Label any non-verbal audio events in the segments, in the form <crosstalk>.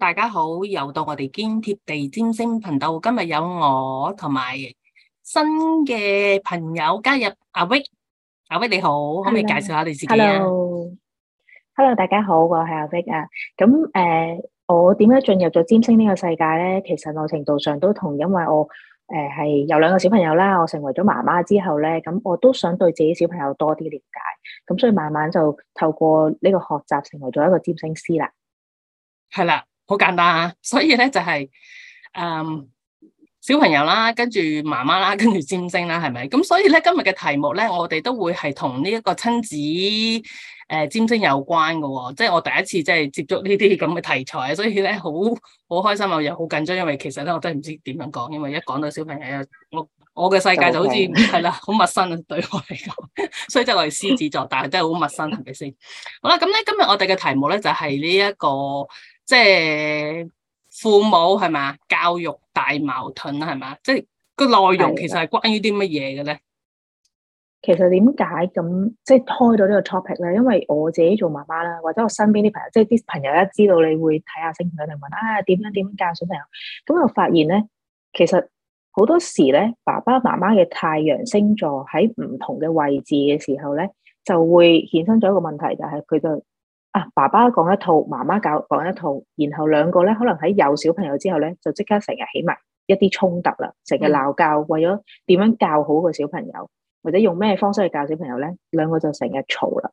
大家好，又到我哋堅貼地占星頻道。今日有我同埋新嘅朋友加入。阿威，阿威你好，Hello. 可唔可以介紹下你自己 Hello，hello，大家好，我係阿威啊。咁誒、呃，我點解進入咗占星呢個世界咧？其實某程度上都同因為我誒係、呃、有兩個小朋友啦，我成為咗媽媽之後咧，咁我都想對自己小朋友多啲了解，咁所以慢慢就透過呢個學習，成為咗一個占星師啦。係啦。好簡單啊，所以咧就係、是，嗯，小朋友啦，跟住媽媽啦，跟住占星啦，係咪？咁所以咧今日嘅題目咧，我哋都會係同呢一個親子誒、呃、占星有關嘅、哦，即、就、係、是、我第一次即係接觸呢啲咁嘅題材，所以咧好好開心又又好緊張，因為其實咧我真係唔知點樣講，因為一講到小朋友，我我嘅世界就好似係啦，好 <laughs> 陌生啊，對我嚟講，所以就來獅子座，但係 <laughs> 真係好陌生，係咪先？好啦，咁咧今日我哋嘅題目咧就係呢一個。即係父母係嘛，教育大矛盾係嘛，即係、就是、個內容其實係關於啲乜嘢嘅咧？其實點解咁即係開咗呢個 topic 咧？因為我自己做媽媽啦，或者我身邊啲朋友，即係啲朋友一知道你會睇下星座，就問啊點樣點樣教小朋友，咁又發現咧，其實好多時咧，爸爸媽媽嘅太陽星座喺唔同嘅位置嘅時候咧，就會衍生咗一個問題，就係佢就。啊！爸爸講一套，媽媽教講一套，然後兩個咧可能喺有小朋友之後咧，就即刻成日起埋一啲衝突啦，成日鬧交，為咗點樣教好個小朋友，或者用咩方式去教小朋友咧，兩個就成日嘈啦。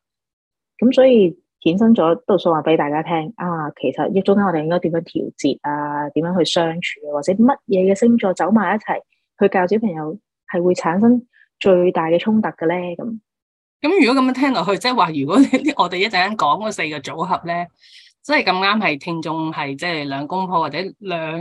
咁所以衍生咗，都想話俾大家聽啊，其實一中間我哋應該點樣調節啊？點樣去相處啊？或者乜嘢嘅星座走埋一齊去教小朋友，係會產生最大嘅衝突嘅咧？咁。咁如果咁樣聽落去，即係話，如果我哋一陣間講嗰四個組合咧，即係咁啱係聽眾係即係兩公婆或者兩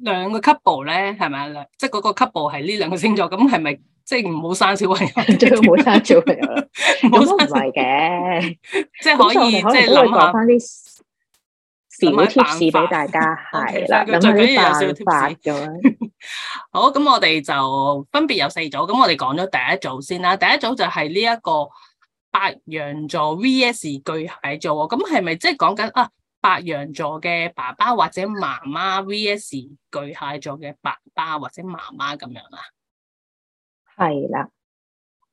兩個 couple 咧，係咪啊？即係嗰個 couple 係呢兩個星座，咁係咪即係唔好生小朋友？ <laughs> 最好冇生小朋友，好生唔係嘅， <laughs> 即係可以即係可以諗下翻啲。啲貼士俾大家，係啦，咁佢啲有少少貼士。好，咁我哋就分別有四組，咁我哋講咗第一組先啦。第一組就係呢一個白羊座 VS 巨蟹座，咁係咪即係講緊啊？白羊座嘅爸爸或者媽媽 VS 巨蟹座嘅爸爸或者媽媽咁樣啊？係啦。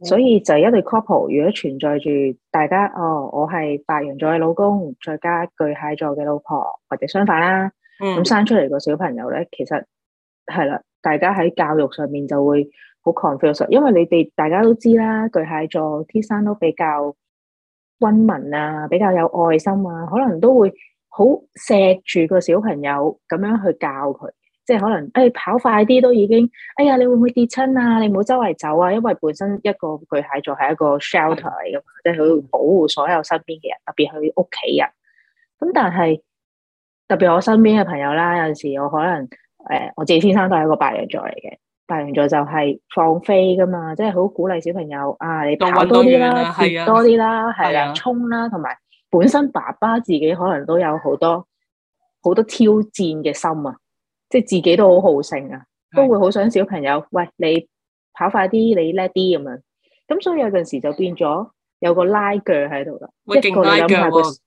所以就一對 couple，如果存在住大家哦，我係白羊座嘅老公，再加巨蟹座嘅老婆，或者相反啦，咁、嗯、生出嚟個小朋友咧，其實係啦，大家喺教育上面就會好 confuse，因為你哋大家都知啦，巨蟹座天生都比較溫文啊，比較有愛心啊，可能都會好錫住個小朋友咁樣去教佢。即係可能，誒、哎、跑快啲都已經，哎呀，你會唔會跌親啊？你唔好周圍走啊，因為本身一個巨蟹座係一個 shelter 嚟噶嘛，即係佢會保護所有身邊嘅人，特別佢屋企人。咁但係特別我身邊嘅朋友啦，有陣時我可能，誒、哎，我自己先生都係一個白羊座嚟嘅，白羊座就係放飛噶嘛，即係好鼓勵小朋友啊，你跑多啲啦，跳、啊、多啲啦，係的啦，衝啦，同埋本身爸爸自己可能都有好多好多挑戰嘅心啊。即係自己都好好勝啊，都會好想小朋友，喂，你跑快啲，你叻啲咁樣。咁所以有陣時就變咗有個拉鋸喺度啦，一過嚟拉鋸。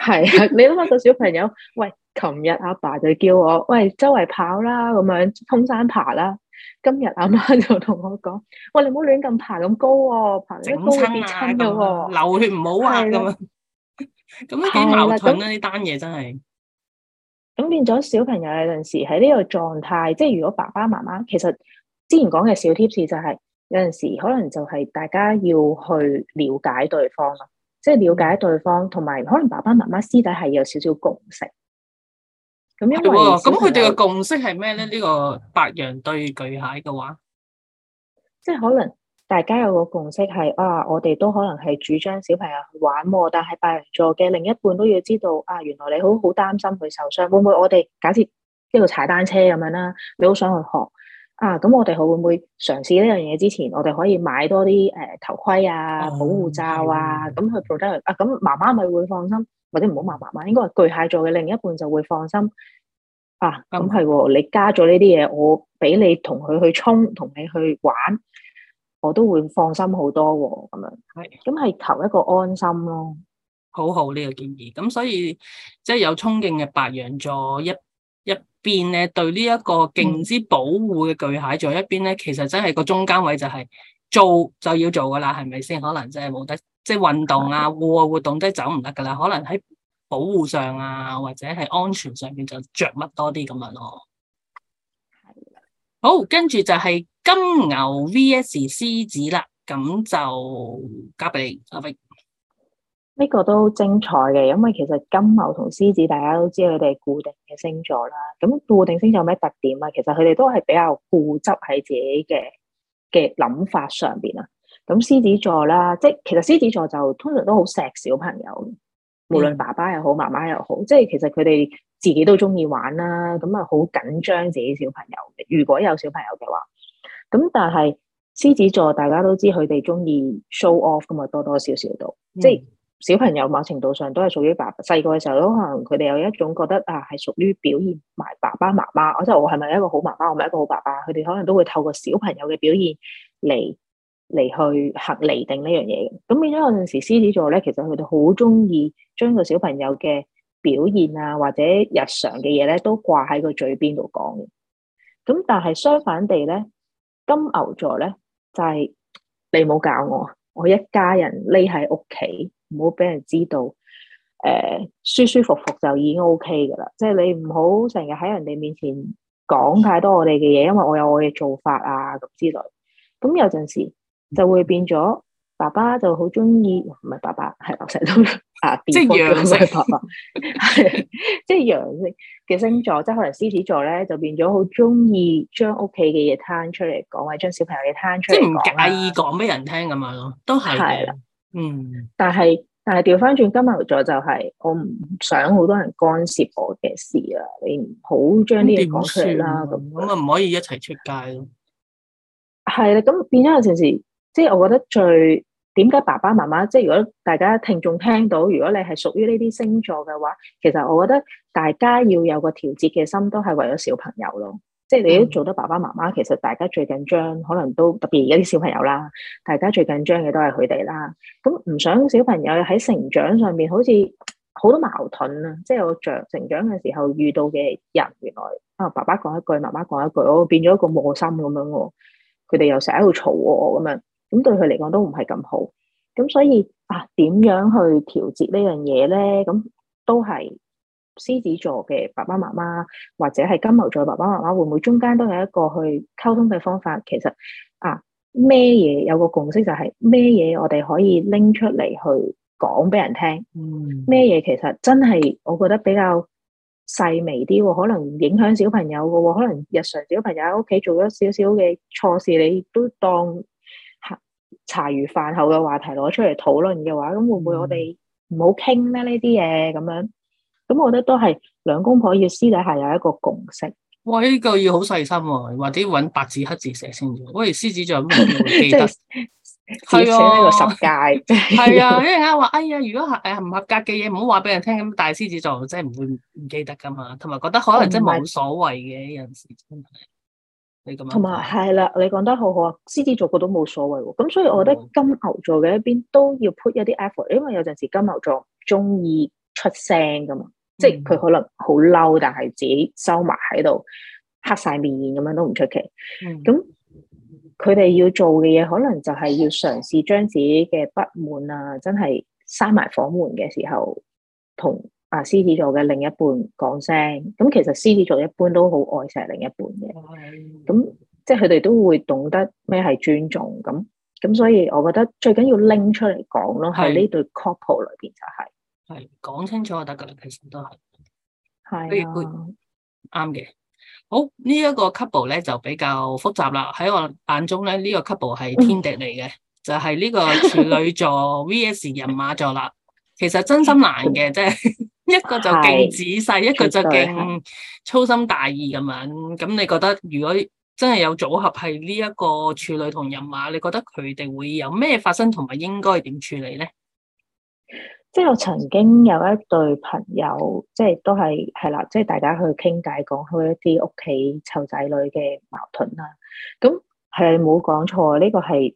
係啊，你諗下個小朋友，喂，琴日阿爸就叫我，喂，周圍跑啦，咁樣，通山爬啦。今日阿媽就同我講，喂，你唔好亂咁爬咁高喎，爬咁高會跌親噶喎，流血唔好話咁樣。咁樣幾矛盾啊！呢單嘢真係。咁變咗小朋友有陣時喺呢個狀態，即係如果爸爸媽媽其實之前講嘅小 tips 就係有陣時可能就係大家要去了解對方咯，即係了解對方，同埋可能爸爸媽媽私底係有少少共識。咁因為咁，佢哋嘅共識係咩咧？呢個白羊對巨蟹嘅話，即係可能。大家有個共識係啊，我哋都可能係主張小朋友去玩，但係白羊座嘅另一半都要知道啊，原來你好好擔心佢受傷，會唔會我哋假設一路踩單車咁樣啦，你好想去學啊，咁我哋會唔會嘗試呢樣嘢之前，我哋可以買多啲誒、呃、頭盔啊、保護罩啊，咁去 protect 啊，咁媽媽咪會放心，或者唔好話媽媽，應該係巨蟹座嘅另一半就會放心啊。咁係喎，嗯、你加咗呢啲嘢，我俾你同佢去衝，同你去玩。我都會放心好多喎、哦，咁樣，係，咁係求一個安心咯、哦。好好呢、呢個建議，咁所以即係有衝勁嘅白羊座一一邊咧，對呢一個勁之保護嘅巨蟹座，一邊咧，其實真係個中間位就係做就要做噶啦，係咪先？可能真係冇得即係運動啊戶外的活動都走唔得噶啦，可能喺保護上啊或者係安全上邊就着乜多啲咁樣咯。係啦的，好，跟住就係、是。金牛 VS 獅子啦，咁就交俾你阿 Vic。呢個都精彩嘅，因為其實金牛同獅子，大家都知佢哋固定嘅星座啦。咁固定星座有咩特點啊？其實佢哋都係比較固執喺自己嘅嘅諗法上邊啊。咁獅子座啦，即係其實獅子座就通常都好錫小朋友，無論爸爸又好，媽媽又好，即係其實佢哋自己都中意玩啦。咁啊，好緊張自己小朋友嘅。如果有小朋友嘅話。咁但係獅子座，大家都知佢哋中意 show off 噶嘛，多多少少都，嗯、即係小朋友某程度上都係屬於爸，細個嘅時候都可能佢哋有一種覺得啊，係屬於表現埋爸爸媽媽，即係我係咪一個好媽媽，我咪一個好爸爸，佢哋可能都會透過小朋友嘅表現嚟嚟去釐定呢樣嘢嘅。咁變咗有陣時獅子座咧，其實佢哋好中意將個小朋友嘅表現啊，或者日常嘅嘢咧，都掛喺個嘴邊度講嘅。咁但係相反地咧。金牛座咧，就係、是、你唔好教我，我一家人匿喺屋企，唔好俾人知道。誒、呃，舒舒服服就已經 O K 噶啦。即、就、係、是、你唔好成日喺人哋面前講太多我哋嘅嘢，因為我有我嘅做法啊咁之類。咁有陣時就會變咗，爸爸就好中意，唔係、嗯、爸爸係我成日都。啊！即係陽性白話，係即係陽性嘅星座，即係可能獅子座咧，就變咗好中意將屋企嘅嘢攤出嚟講，或者將小朋友嘅攤出嚟，即係唔介意講俾人聽咁樣咯，都係係啦，嗯。但係但係調翻轉金牛座就係，我唔想好多人干涉我嘅事啊，你唔好將啲嘢講出嚟啦。咁咁啊，唔可以一齊出街咯。係啦，咁變咗有陣時，即係我覺得最。點解爸爸媽媽？即係如果大家聽眾聽到，如果你係屬於呢啲星座嘅話，其實我覺得大家要有個調節嘅心，都係為咗小朋友咯。即係你都做得爸爸媽媽，其實大家最緊張，可能都特別而家啲小朋友啦。大家最緊張嘅都係佢哋啦。咁唔想小朋友喺成長上面好似好多矛盾啊！即係我長成長嘅時候遇到嘅人，原來啊爸爸講一句，媽媽講一句，我變咗一個磨心咁樣。哦，佢哋又成日喺度嘈我咁樣。咁對佢嚟講都唔係咁好，咁所以啊，點樣去調節呢樣嘢咧？咁都係獅子座嘅爸爸媽媽或者係金牛座爸爸媽媽，會唔會中間都有一個去溝通嘅方法？其實啊，咩嘢有個共識就係咩嘢，我哋可以拎出嚟去講俾人聽。嗯、咩嘢其實真係我覺得比較細微啲，可能影響小朋友嘅，可能日常小朋友喺屋企做咗少少嘅錯事，你都當。茶餘飯後嘅話題攞出嚟討論嘅話，咁會唔會我哋唔好傾咧呢啲嘢咁樣？咁我覺得都係兩公婆要私底下有一個共識。喂，呢句要好細心，啊，或者搵白紙黑字寫清楚。喂，獅子座唔會記得，係 <laughs> <laughs> 啊，寫呢個十戒。係啊，因啱啱話，哎呀，如果係誒唔合格嘅嘢，唔好話俾人聽。咁大獅子座真係唔會唔記得噶嘛，同埋覺得可能真係冇所謂嘅，有陣時真係。嗯嗯同埋係啦，你講得好好啊！獅子座個都冇所謂喎，咁所以我覺得金牛座嘅一邊都要 put 一啲 effort，因為有陣時金牛座中意出聲噶嘛，嗯、即係佢可能好嬲，但係自己收埋喺度黑晒面咁樣都唔出奇。咁佢哋要做嘅嘢，可能就係要嘗試將自己嘅不滿啊，真係閂埋房門嘅時候同。啊，獅子座嘅另一半講聲，咁其實獅子座一般都好愛錫另一半嘅，咁即係佢哋都會懂得咩係尊重，咁咁所以我覺得最緊要拎出嚟講咯，喺呢的對 couple 裏邊就係、係，係講清楚就，就得㗎啦，其實都係，係啱嘅。好呢一個 couple 咧就比較複雜啦，喺我眼中咧呢個 couple 係天敵嚟嘅， <laughs> 就係呢個處女座 V S 人馬座啦。其實真心難嘅，即係。一個就勁仔細，的一個就勁粗心大意咁樣。咁你覺得如果真係有組合係呢一個處女同人馬，你覺得佢哋會有咩發生，同埋應該點處理咧？即係我曾經有一對朋友，即係都係係啦，即係大家去傾偈，講開一啲屋企湊仔女嘅矛盾啦。咁係冇講錯，呢個係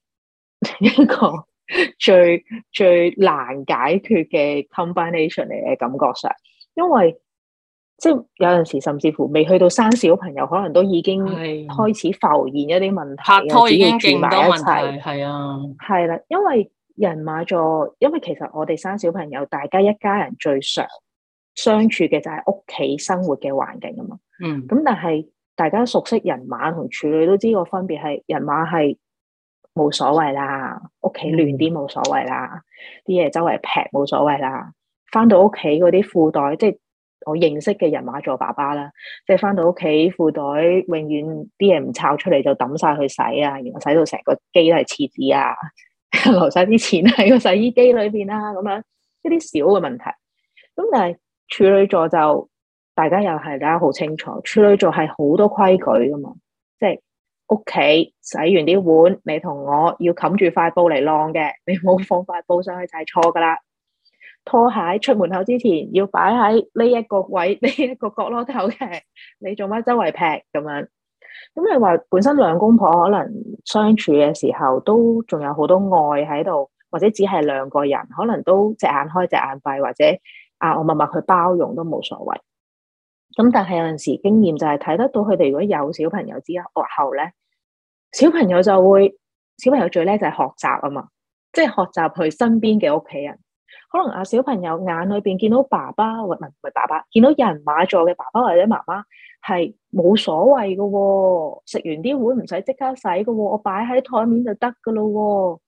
一個。 <laughs> 最最難解決嘅 combination 嚟嘅，感覺上，因為即係有陣時甚至乎未去到生小朋友，可能都已經開始浮現一啲問題啊，已經要住埋一齊，係啊，係啦，因為人馬座，因為其實我哋生小朋友，大家一家人最常相處嘅就係屋企生活嘅環境啊嘛，嗯，咁但係大家熟悉人馬同處女都知個分別係人馬係。冇所謂啦，屋企亂啲冇所謂啦，啲嘢周圍撇冇所謂啦。返到屋企嗰啲褲袋，即係我認識嘅人馬座爸爸啦，即係返到屋企褲袋，永遠啲嘢唔抄出嚟就抌晒去洗啊，然後洗到成個機都係廁紙啊， <laughs> 留晒啲錢喺個洗衣機裏邊啊，咁樣一啲小嘅問題。咁但係處女座就大家又係大家好清楚，處女座係好多規矩噶嘛。屋企洗完啲碗，你同我要冚住塊布嚟晾嘅，你冇放塊布上去就係錯噶啦。拖鞋出門口之前要擺喺呢一個位呢一個角落頭嘅，你做乜周圍劈咁樣？咁你話本身兩公婆可能相處嘅時候都仲有好多愛喺度，或者只係兩個人可能都隻眼開隻眼閉，或者啊我默默去包容都冇所謂。咁但係有陣時經驗就係睇得到佢哋，如果有小朋友之後落後咧，小朋友就會小朋友最叻就係學習啊嘛，即係學習佢身邊嘅屋企人。可能啊，小朋友眼裏邊見到爸爸或唔係爸爸，見到有人馬座嘅爸爸或者媽媽係冇所謂嘅喎，食完啲碗唔使即刻洗嘅喎，我擺喺台面就得嘅咯。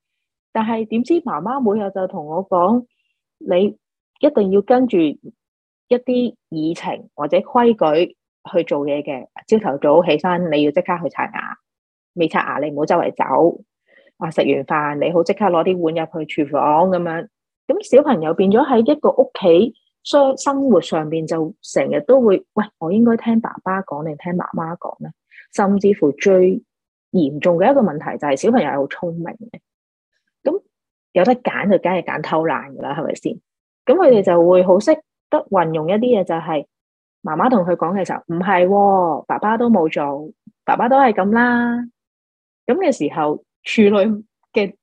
但係點知媽媽每日就同我講，你一定要跟住。一啲議程或者規矩去做嘢嘅，朝頭早起身你要即刻去刷牙，未刷牙你唔好周圍走。啊，食完飯你好即刻攞啲碗入去廚房咁樣。咁小朋友變咗喺一個屋企商生活上邊就成日都會，喂，我應該聽爸爸講定聽媽媽講咧？甚至乎最嚴重嘅一個問題就係小朋友係好聰明嘅，咁有得揀就梗係揀偷懶噶啦，係咪先？咁佢哋就會好識。得運用一啲嘢就係、是、媽媽同佢講嘅時候，唔係爸爸都冇做，爸爸都係咁啦。咁嘅時候，處女嘅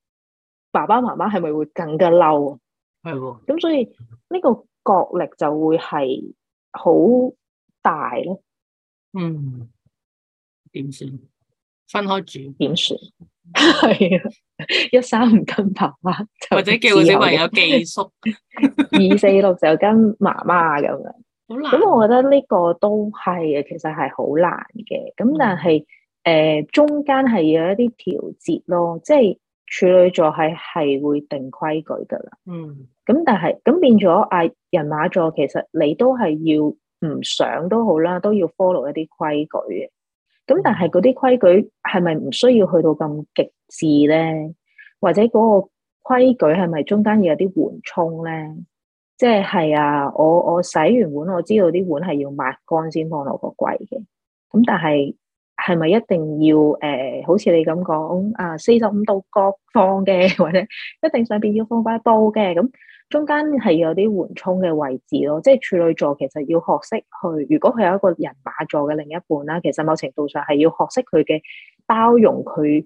爸爸媽媽係咪會更加嬲？係喎的。咁所以呢、這個角力就會係好大咧。嗯，點算？分開住點算？係啊，一三唔跟爸爸，或者叫小朋友寄宿，二四六就跟媽媽咁樣。好難。咁我覺得呢個都係，其實係好難嘅。咁但係，誒、嗯呃，中間係有一啲調節咯，即係處女座係係會定規矩噶啦。嗯。咁但係，咁變咗啊，人馬座其實你都係要唔想都好啦，都要 follow 一啲規矩嘅。咁但係嗰啲規矩係咪唔需要去到咁極致咧？或者嗰個規矩係咪中間要有啲緩衝咧？即係係啊，我我洗完碗我知道啲碗係要抹乾先放落個櫃嘅。咁但係係咪一定要誒、呃？好似你咁講啊，四十五度角放嘅，或者一定上邊要放把刀嘅咁？中間係有啲緩衝嘅位置咯，即係處女座其實要學識佢，如果佢有一個人馬座嘅另一半啦，其實某程度上係要學識佢嘅，包容佢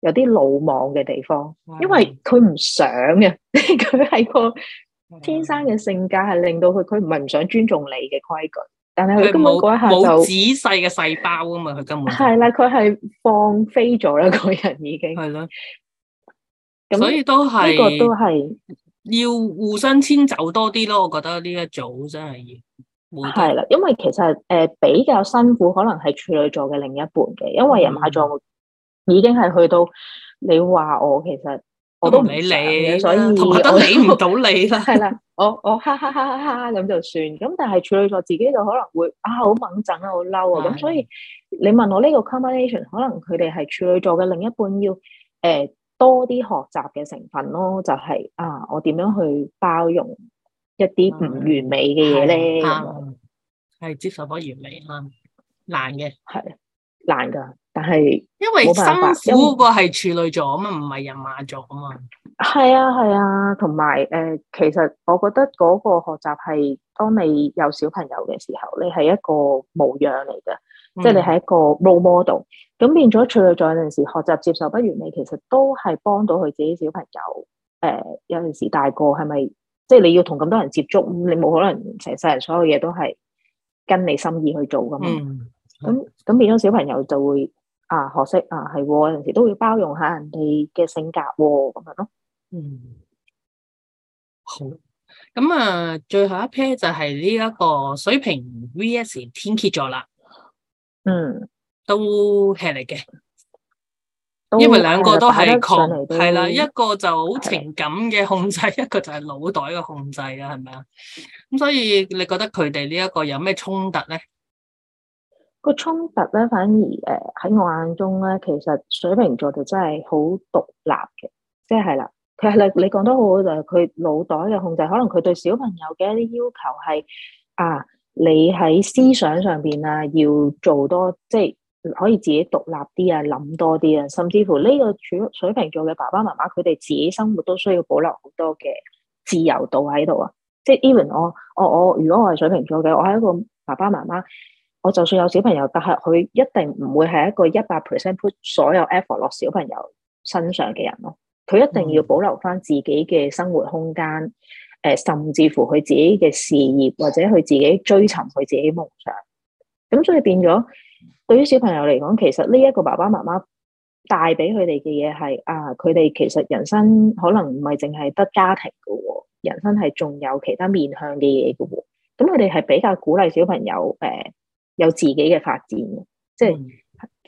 有啲魯莽嘅地方，因為佢唔想嘅，佢 <laughs> 係個天生嘅性格係令到佢，佢唔係唔想尊重你嘅規矩，但係佢根本嗰下就冇仔細嘅細胞啊嘛，佢根本係、就、啦、是，佢係放飛咗啦，個人已經係咯，咁所以都係呢個都係。要互相遷就多啲咯，我覺得呢一組真係要係啦，因為其實誒、呃、比較辛苦，可能係處女座嘅另一半嘅，因為人馬座已經係去到你話我，其實我都唔理你，所以同埋我都理唔到你啦。我我哈哈哈哈哈，咁就算，咁但係處女座自己就可能會啊好㷫憎啊，好嬲啊，咁的所以你問我呢個 combination，可能佢哋係處女座嘅另一半要誒。呃多啲學習嘅成分咯，就係、是、啊，我點樣去包容一啲唔完美嘅嘢咧？係、嗯嗯、接受不完美啦，難嘅係難噶，但係因為辛苦個係處女座啊嘛，唔係人馬座啊嘛。係啊係啊，同埋誒，其實我覺得嗰個學習係當你有小朋友嘅時候，你係一個模樣嚟噶，嗯、即係你係一個 role model。咁變咗處女座有陣時學習接受不完美，其實都係幫到佢自己小朋友。誒、呃，有陣時大個係咪？即係、就是、你要同咁多人接觸，你冇可能成世人所有嘢都係跟你心意去做噶嘛？咁咁變咗小朋友就會啊，學識啊，係、啊、有陣時都會包容下人哋嘅性格咁樣咯。嗯，嗯，好。咁啊，最後一 pair 就係呢一個水瓶 VS 天蠍座啦。嗯。都係嚟嘅，因為兩個都係抗係啦，一個就好情感嘅控制，的一個就係腦袋嘅控制啦，係咪啊？咁所以你覺得佢哋呢一個有咩衝突咧？個衝突咧，反而誒喺、呃、我眼中咧，其實水瓶座就真係好獨立嘅，即係啦。其實你講得好好就係佢腦袋嘅控制，可能佢對小朋友嘅一啲要求係啊，你喺思想上面啊要做多即係。可以自己獨立啲啊，諗多啲啊，甚至乎呢個處水瓶座嘅爸爸媽媽，佢哋自己生活都需要保留好多嘅自由度喺度啊！即係 even 我我我，如果我係水瓶座嘅，我係一個爸爸媽媽，我就算有小朋友，但係佢一定唔會係一個一百 percent put 所有 effort 落小朋友身上嘅人咯。佢一定要保留翻自己嘅生活空間，誒、嗯，甚至乎佢自己嘅事業或者佢自己追尋佢自己嘅夢想。咁所以變咗。對於小朋友嚟講，其實呢一個爸爸媽媽帶俾佢哋嘅嘢係啊，佢哋其實人生可能唔係淨係得家庭噶，人生係仲有其他面向嘅嘢噶咁佢哋係比較鼓勵小朋友誒、呃、有自己嘅發展嘅，即係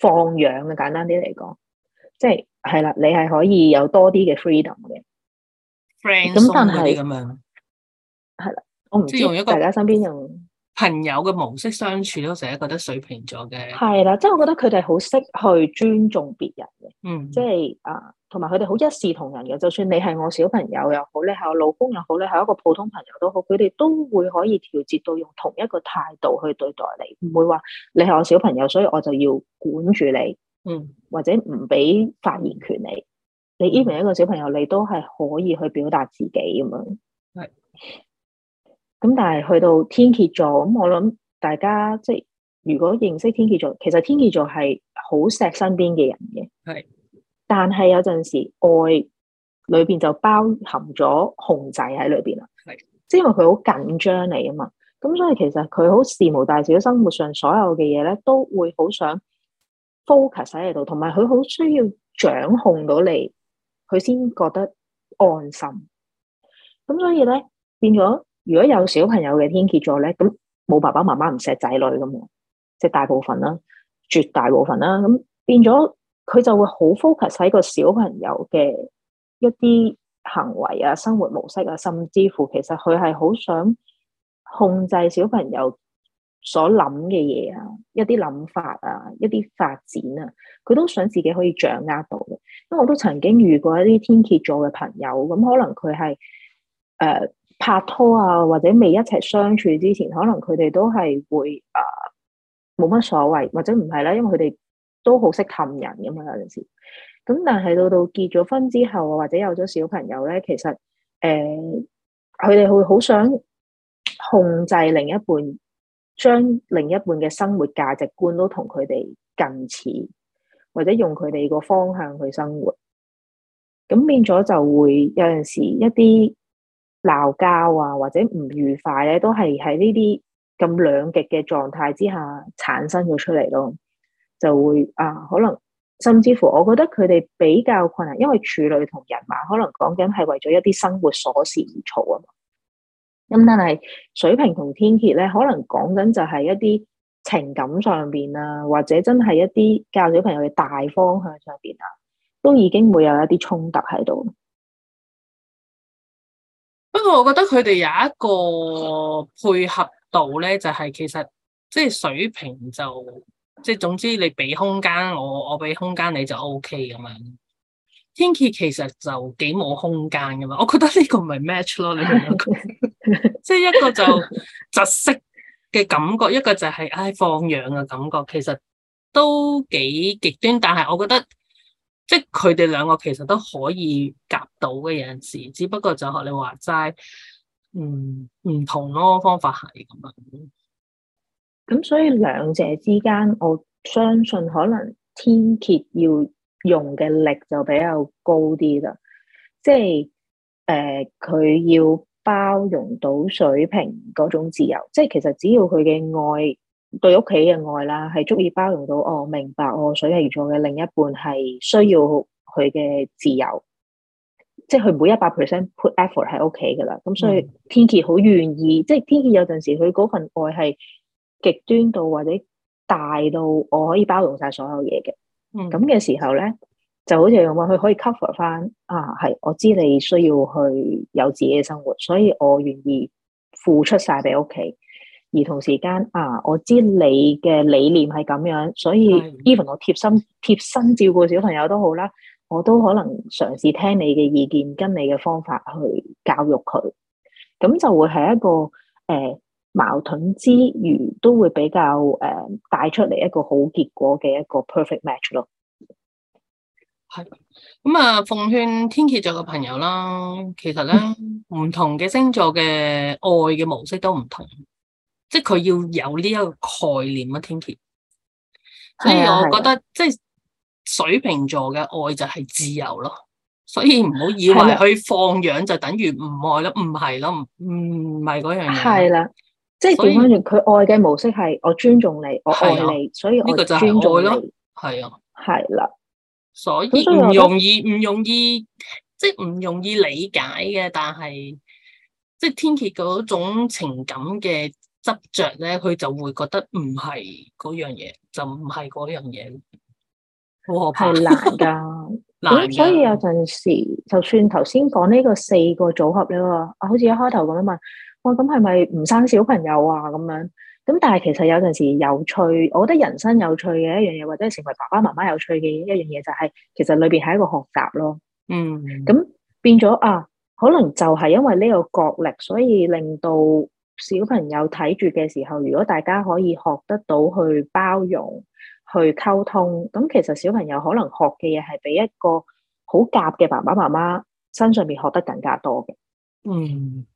放養嘅。簡單啲嚟講，即係係啦，你係可以有多啲嘅 freedom 嘅。friend 咁，但係咁樣係啦，我唔知用一個大家身邊用。朋友嘅模式相處都成日覺得水瓶座嘅，係啦，即係我覺得佢哋好識去尊重別人嘅，嗯，即係啊，同埋佢哋好一視同仁嘅。就算你係我小朋友又好，你係我老公又好，你係一個普通朋友都好，佢哋都會可以調節到用同一個態度去對待你，唔會話你係我小朋友，所以我就要管住你，嗯，或者唔俾發言權你。你 even 一個小朋友，你都係可以去表達自己咁樣。係、嗯。咁但係去到天蠍座，咁我諗大家即係如果認識天蠍座，其實天蠍座係好錫身邊嘅人嘅，係是。但係有陣時愛裏邊就包含咗控制喺裏邊啦，係是。即係因為佢好緊張你啊嘛，咁所以其實佢好事無大小，生活上所有嘅嘢咧都會好想 focus 喺喺度，同埋佢好需要掌控到你，佢先覺得安心。咁所以咧變咗、嗯。如果有小朋友嘅天蠍座咧，咁冇爸爸媽媽唔錫仔女咁樣，即係大部分啦，絕大部分啦，咁變咗佢就會好 focus 喺個小朋友嘅一啲行為啊、生活模式啊，甚至乎其實佢係好想控制小朋友所諗嘅嘢啊、一啲諗法啊、一啲發展啊，佢都想自己可以掌握到嘅。因為我都曾經遇過一啲天蠍座嘅朋友，咁可能佢係誒。呃拍拖啊，或者未一齊相處之前，可能佢哋都係會誒，冇乜所謂，或者唔係啦，因為佢哋都好識氹人咁啊。有陣時，咁但係到到結咗婚之後啊，或者有咗小朋友咧，其實誒，佢哋會好想控制另一半，將另一半嘅生活價值觀都同佢哋近似，或者用佢哋個方向去生活，咁變咗就會有陣時一啲。鬧交啊，或者唔愉快咧，都係喺呢啲咁兩極嘅狀態之下產生咗出嚟咯，就會啊，可能甚至乎，我覺得佢哋比較困難，因為處女同人馬可能講緊係為咗一啲生活瑣事而嘈啊。咁但係水瓶同天蠍咧，可能講緊就係一啲、嗯、情感上面啊，或者真係一啲教小朋友嘅大方向上面啊，都已經會有一啲衝突喺度。不過我覺得佢哋有一個配合度咧，就係、是、其實即係水平就即係總之你俾空間我，我俾空間你就 O K 咁樣。天蠍其實就幾冇空間噶嘛，我覺得呢個唔係 match 咯。你兩個 <laughs> 即係一個就窒息嘅感覺，一個就係、是、唉、哎、放養嘅感覺，其實都幾極端。但係我覺得。即係佢哋兩個其實都可以夾到嘅有陣時，只不過就學你話齋，唔、嗯、唔同咯方法係咁樣。咁所以兩者之間，我相信可能天蠍要用嘅力就比較高啲啦。即係誒，佢、呃、要包容到水平嗰種自由，即係其實只要佢嘅愛。對屋企嘅愛啦，係足以包容到哦。明白哦，我水瓶座嘅另一半係需要佢嘅自由，即係佢每一百 percent put effort 喺屋企噶啦。咁所以天蠍好願意，嗯、即係天蠍有陣時佢嗰份愛係極端到或者大到，我可以包容晒所有嘢嘅。咁嘅、嗯、時候咧，就好似話佢可以 cover 翻啊，係我知你需要去有自己嘅生活，所以我願意付出晒俾屋企。而同時間啊，我知你嘅理念係咁樣，所以 even 的我貼身貼身照顧小朋友都好啦，我都可能嘗試聽你嘅意見，跟你嘅方法去教育佢，咁就會係一個誒、呃、矛盾之餘都會比較誒、呃、帶出嚟一個好結果嘅一個 perfect match 咯。係咁啊，奉勸天蠍座嘅朋友啦，其實咧唔、嗯、同嘅星座嘅愛嘅模式都唔同。即係佢要有呢一個概念啊，天蠍，所以我覺得、啊啊、即係水瓶座嘅愛就係自由咯，所以唔好以為佢放養就等於唔愛咯，唔係咯，唔唔係嗰樣嘢。係啦、啊，即係點樣？佢以愛嘅模式係我尊重你，我愛你，啊、所以呢個就係尊重咯。係啊，係啦、啊，所以唔容易，唔容易，即係唔容易理解嘅。但係即係天蠍嗰種情感嘅。執着咧，佢就會覺得唔係嗰樣嘢，就唔係嗰樣嘢，好可怕。係難噶，難嘅。所以有陣時，就算頭先講呢個四個組合咧，啊，好似一開頭咁樣問，哇，咁係咪唔生小朋友啊？咁樣，咁但係其實有陣時有趣，我覺得人生有趣嘅一樣嘢，或者成為爸爸媽媽有趣嘅一樣嘢、就是，就係其實裏邊係一個學習咯。嗯，咁變咗啊，可能就係因為呢個角力，所以令到。小朋友睇住嘅時候，如果大家可以學得到去包容、去溝通，咁其實小朋友可能學嘅嘢係比一個好夾嘅爸爸媽媽身上邊學得更加多嘅。嗯，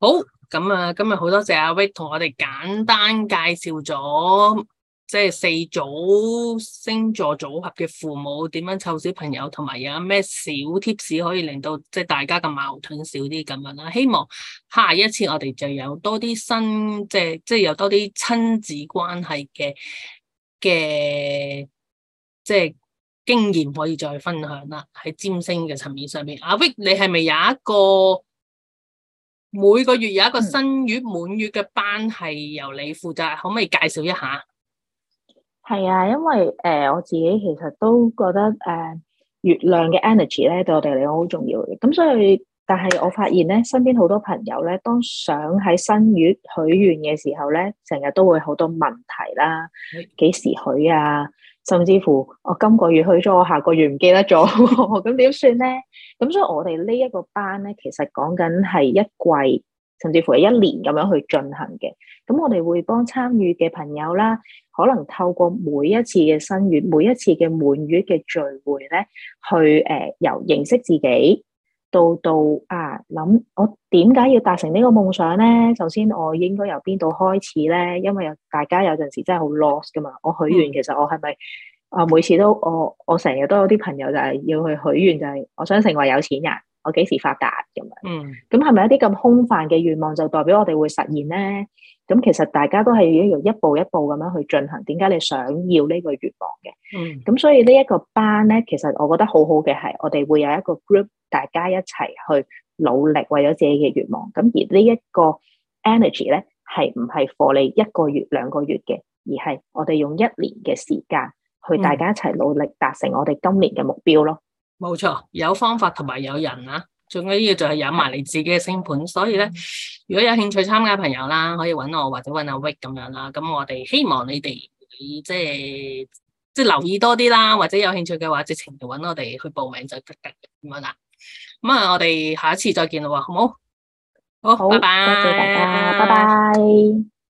好，咁啊，今日好多謝阿 Vic 同我哋簡單介紹咗。即係四組星座組合嘅父母點樣湊小朋友，同埋有咩小 tips 可以令到即係、就是、大家嘅矛盾少啲咁樣啦？希望下一次我哋就有多啲新即係即係有多啲親子關係嘅嘅即係經驗可以再分享啦。喺占星嘅層面上面，阿 Vic 你係咪有一個每個月有一個新月滿月嘅班係由你負責？嗯、可唔可以介紹一下？係啊，因為誒、呃、我自己其實都覺得誒、呃、月亮嘅 energy 咧，對我哋嚟講好重要嘅。咁所以，但係我發現咧，身邊好多朋友咧，當想喺新月許願嘅時候咧，成日都會好多問題啦。幾時許啊？甚至乎我今個月許咗，我下個月唔記得咗，咁點算咧？咁所以我哋呢一個班咧，其實講緊係一季，甚至乎係一年咁樣去進行嘅。咁我哋會幫參與嘅朋友啦，可能透過每一次嘅新月，每一次嘅滿月嘅聚會咧，去誒、呃、由認識自己到到啊諗我點解要達成個夢呢個夢想咧？首先我應該由邊度開始咧？因為有大家有陣時真係好 lost 噶嘛。我許願、嗯、其實我係咪啊？每次都我我成日都有啲朋友就係要去許願，就係、是、我想成為有錢人。我幾時發達咁樣？咁係咪一啲咁空泛嘅願望就代表我哋會實現咧？咁其實大家都係要一步一步咁樣去進行。點解你想要呢個願望嘅？咁、嗯、所以呢一個班咧，其實我覺得好好嘅係，我哋會有一個 group，大家一齊去努力為咗自己嘅願望。咁而呢一個 energy 咧，係唔係 for 你一個月兩個月嘅，而係我哋用一年嘅時間去大家一齊努力達成我哋今年嘅目標咯。嗯冇錯，有方法同埋有人啊。仲要要就係引埋你自己嘅星盤，所以咧，如果有興趣參加朋友啦，可以揾我或者揾阿 Vic 咁樣啦，咁我哋希望你哋會即係即係留意多啲啦，或者有興趣嘅話，直程就揾我哋去報名就得噶啦，咁啊，我哋下一次再見啦，好唔好？好，拜拜好，多 bye 謝謝大家，拜拜。